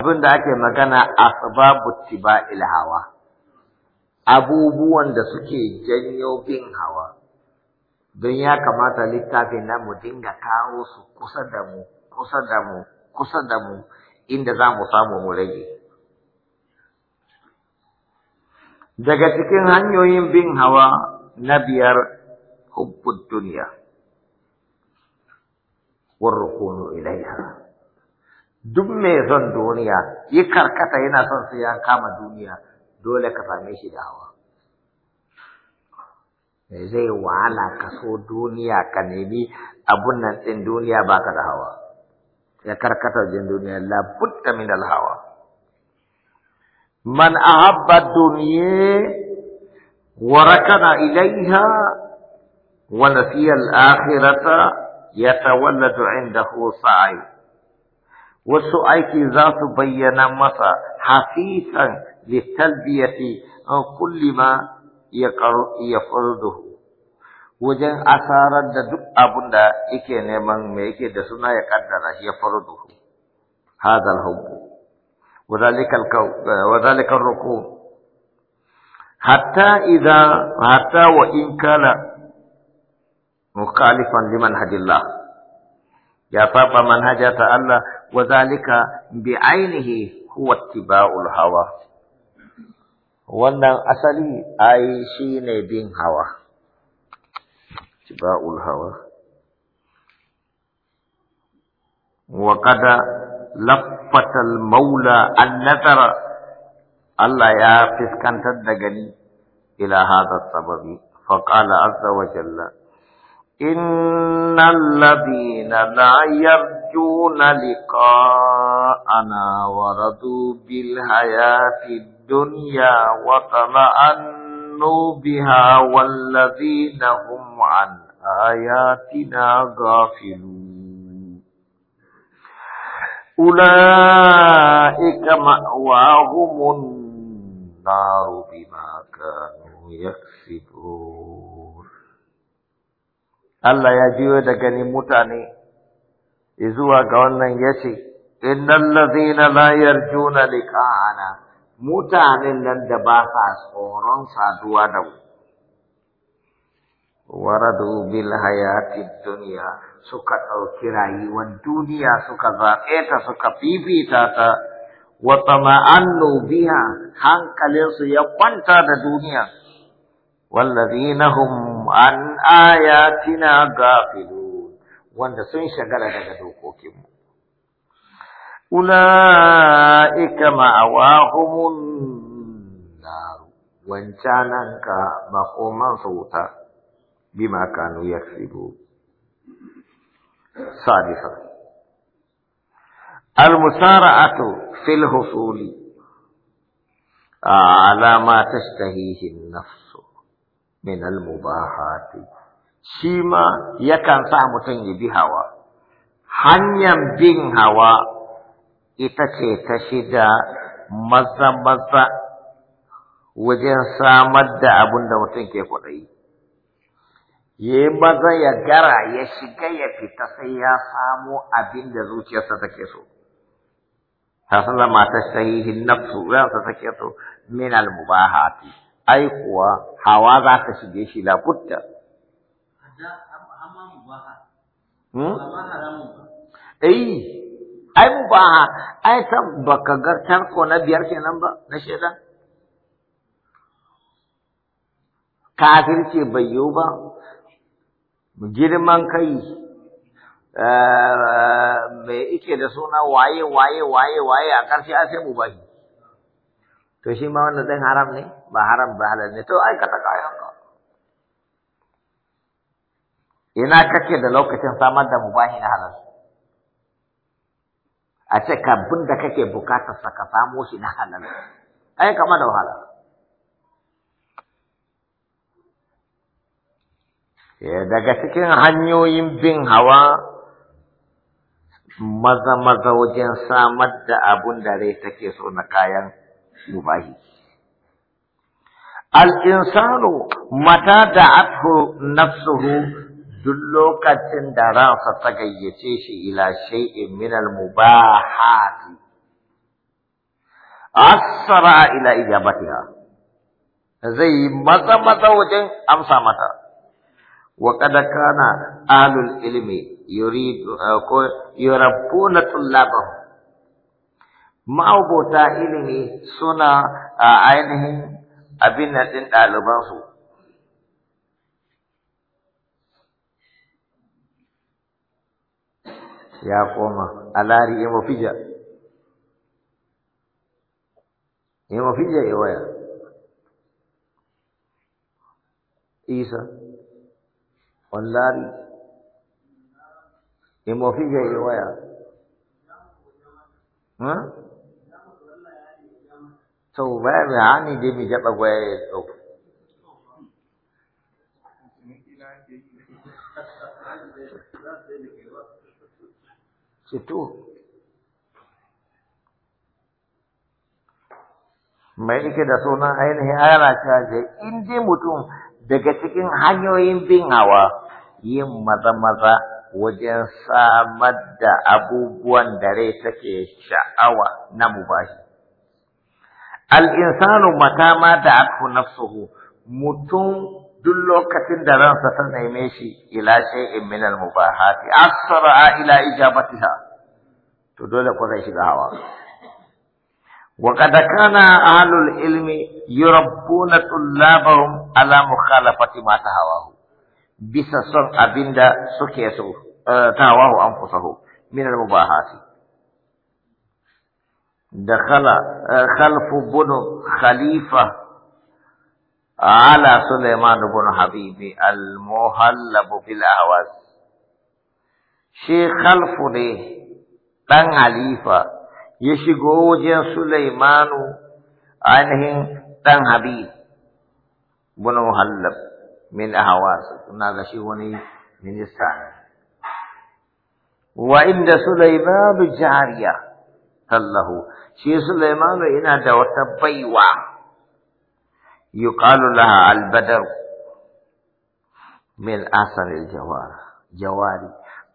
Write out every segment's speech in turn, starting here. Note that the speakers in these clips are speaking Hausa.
abin da ake magana a sababu tiba'il hawa abubuwan da suke janyo bin hawa don ya kamata littafi na mu dinga kawo su kusa da mu kusa da mu kusa da mu inda za mu samu mu rage daga cikin hanyoyin bin hawa na biyar hukun duniya warrukunu ilaiha duk mai zan duniya yi karkata yana son sai ya kama duniya dole ka same shi da hawa mai zai wahala ka so duniya ka nemi abun nan ɗin duniya baka da hawa ya karkata jin duniya la butta min al hawa man ahabba duniya wa rakana ilaiha wa nasiya al akhirata yatawalladu indahu sa'i wasu aiki za su bayyana masa hafisan litalbiyati an kulli ma ya farduhu wajen asarar da duk abin da yake neman mai yake da suna ya kaddara ya farduhu hadal hubbu وذلك وذلك الركوع حتى إذا حتى وإن كان مخالفا لمنهج الله يا فاطمة منهج وذلك بعينه هو اتباع الهوى wannan asali ai shi ne bin hawa tiba'ul hawa wa kada laffatal maula an nazara Allah ya fiskantar da gani ila hadha sababi fa qala azza wa jalla إن الذين لا يرجون لقاءنا ورضوا بالحياة الدنيا وطمأنوا بها والذين هم عن آياتنا غافلون أولئك مأواهم النار بما كانوا يكسبون Allah ya jiyo da gani mutane zuwa ga wannan yace innal layar juna yarjuna liqa'ana mutanen nan da ba sa tsoron saduwa da mu waradu bil hayati dunya suka ɗauki rayuwar duniya suka zaɓe ta suka fifita ta wa tama'annu biha hankalinsu ya kwanta da duniya wallazina hum an ayatina gafilun wanda sun shagala daga dokokinmu ula'ika ma'awahumun naru wancananka makoman sauta bima kanu yaksibu sadisa المسارعة في الحصول على ما تشتهيه النفس min al-mubahati shi ma yakan sa mutum ya bi hawa hanyar bin hawa ita ce ta shiga maza maza wajen samar da abin da mutum ke kwaɗayi ya yi maza ya gara ya shiga ya fita sai ya samo abin da zuciyarsa take so ta sallama ta shahihin nafsu ransa take so min al-mubahati ai kuwa hawa za ka shige shi labutta. Hmm? Ai, mu ba ha, ai ta baka ga tarko na biyar kenan ba na shaida? Kafirce bai yiwu ba, girman kai, eh, mai ike da suna waye waye waye waye a ƙarshe sai mu bashi. to shi ma wannan ɗin haram ne ba haram ba halal ne to aikata kayan ka ina kake da lokacin samar da mubahi na halal a ce kabin da kake bukatar sa ka samo shi na halal ai kama da wahala eh, daga cikin hanyoyin bin hawa maza maza wajen samar da abun da rai take so na kayan يباهي الإنسان متى دعته نفسه كتن تندرا ستجيسيش إلى شيء من المباحات أسرع إلى إجابتها زي مزا مزا وجن أمسى متى وقد كان أهل العلم يريد يربون طلابهم ma'abota ilimi suna a ainihin abin na ɗin ɗalibansu. Ya koma, alari ya mafija, ya mafija ya waya. Isa, wallari, ya mafija ya waya. Huh? to babu hani dai mai jaɓa gwaya ya tsoko Situ. Mai ike da sunan ainihin ana cewa in inji mutum daga cikin hanyoyin bin hawa yin maza-maza wajen samar da abubuwan da rai take sha'awa na mubashi. al'insanu mata ma da aku nafsuhu mutum duk lokacin da ransa ta neme shi ila shay'in min al-mubahati asra ila ijabatiha to dole ko zai shiga hawa wa qad kana ahlul ilmi yurabbuna tullabahum ala mukhalafati ma tahawahu bisa son abinda suke so tawahu anfusahu min al-mubahati دخل خلف بن خليفة على سليمان بن حبيبي المهلب بالأعواز شيخ خلف لي تن عليفة يشي جوجين سليمان عنه تن حبيب بن مهلب من هذا شيء شيخوني من السعر وعند سليمان بجارية له شي سليمان إن دا بيوا يقال لها البدر من اثر الجوار جواري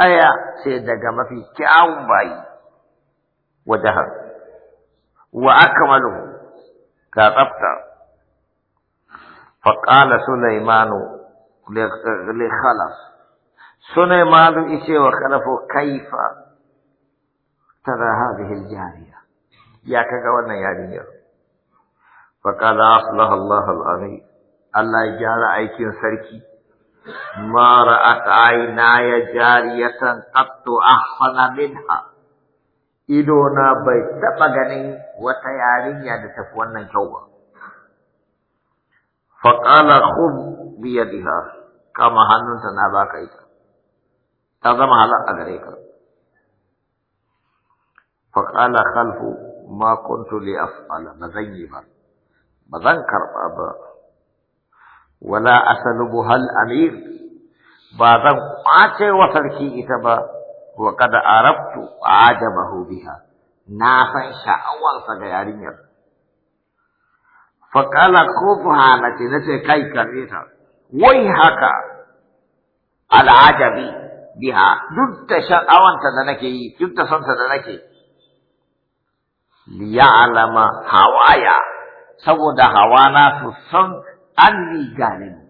ايا سي ما في كاون باي وجهر واكمله كاطبت فقال سليمان لخلف سليمان إشي وخلفه كيف ترى هذه الجارية يا كجوانا يا دينير فقال أصلح الله العظيم الله جارة أي كن سركي ما رأت عيناي جارية قط أحسن منها إدونا بيت بغني وتيارين يد يعني تفوانا جوا فقال خذ بيدها كما هنون تنابا كيتا تظمها لا أغريكا فقال خلف ما كنت لأفعل مزيبا مذنكر أبا ولا أسلبها الأمير بعد قاتل كي إتبا وقد أربت عجبه بها نافع شعوان سجارين فقال خوفها التي نتي كي وي هكا العجبي بها دنت شأول تدنكي دنت صنت تدنكي liya'lama hawaya saboda hawana su san anni galibi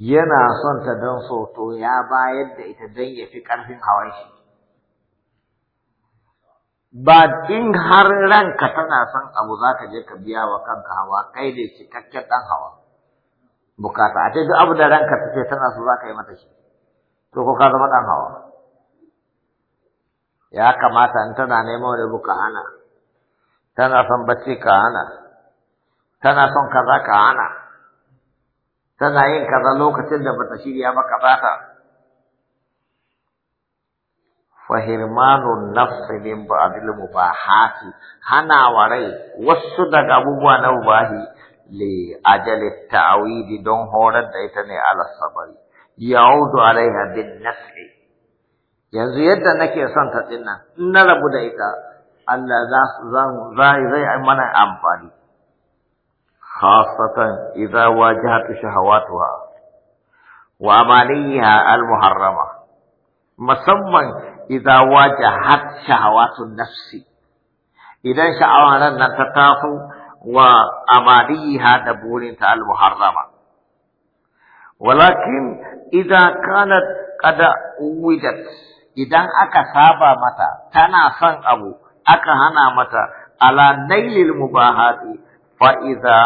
yana son ta don soto ya bayar da ita dan ya fi ƙarfin hawan shi ba in har ranka tana son abu za ka je ka biya wa kanka hawa kai da cikakken ɗan hawa bukata a ce duk abu da ranka take tana so za ka yi mata shi to ko ka zama ɗan hawa ya kamata in tana neman wani ka hana tana son bacci ka hana tana son kaza ka hana tana yin kaza lokacin da bata shirya ba ka bata fahirmanun nafsi min ba'dil mubahati hana warai wasu daga abubuwa na mubahi li ajali ta'widi don horar da ita ne ala sabari yaudu alaiha bin nafsi yanzu yadda nake son ta dinnan in na rabu da ita Allah za za zai zai ai mana amfani khasatan idza wajahat shahawatuha wa amaliha al muharrama musamman idza wajahat shahawatun nafsi idan sha'awaran nan ta taso wa amaliha da burin ta al muharrama walakin idza kanat qad uwidat idan aka saba mata tana son abu aka hana mata ala nailil mubahati fa iza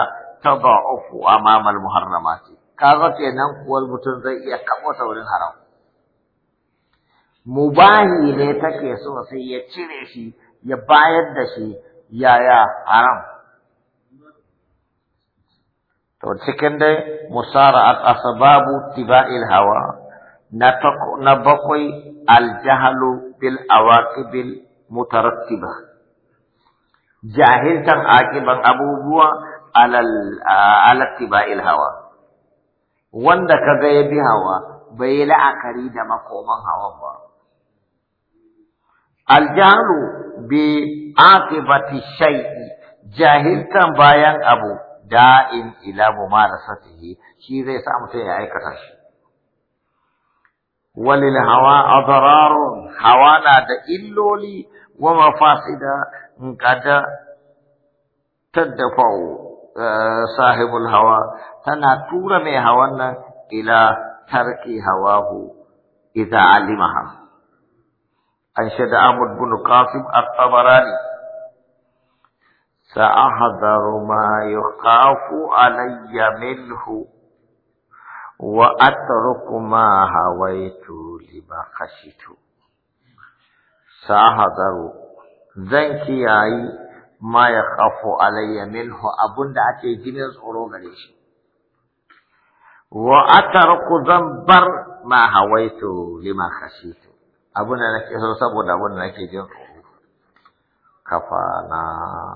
tada'ufu amama al muharramati kaga kenan kuwar mutum zai iya kafa saurin haram mubahi ne take so sai ya cire shi ya bayar da shi yaya haram to cikin dai musara'at asbabu tiba'il hawa na bakwai aljahalu bil awaqibil mutarattiba jahiltan akiban abubuwa alal alattiba'il hawa wanda kaga ya bi hawa bai yi la'akari da makoman hawa ba aljahalu bi aqibati shay'i jahiltan bayan abu da'in ila mumarasatihi shi zai sa mutum ya aikata shi وللهواء أضرار دا إلولي ومفاسدا قد تدفع آه، صاحب الهوى تنا تور من هوانا إلى ترك هواه إذا علمها أنشد أحمد بن قاسم الطبراني سأحذر ما يخاف علي منه wa atruku ma hawaitu lima khashitu sahadaru zan kiyayi ma ya khafu alayya minhu abunda ake jinin tsoro gare shi wa atruku zan bar ma hawaitu lima khashitu abunda nake so saboda abunda nake jin kafana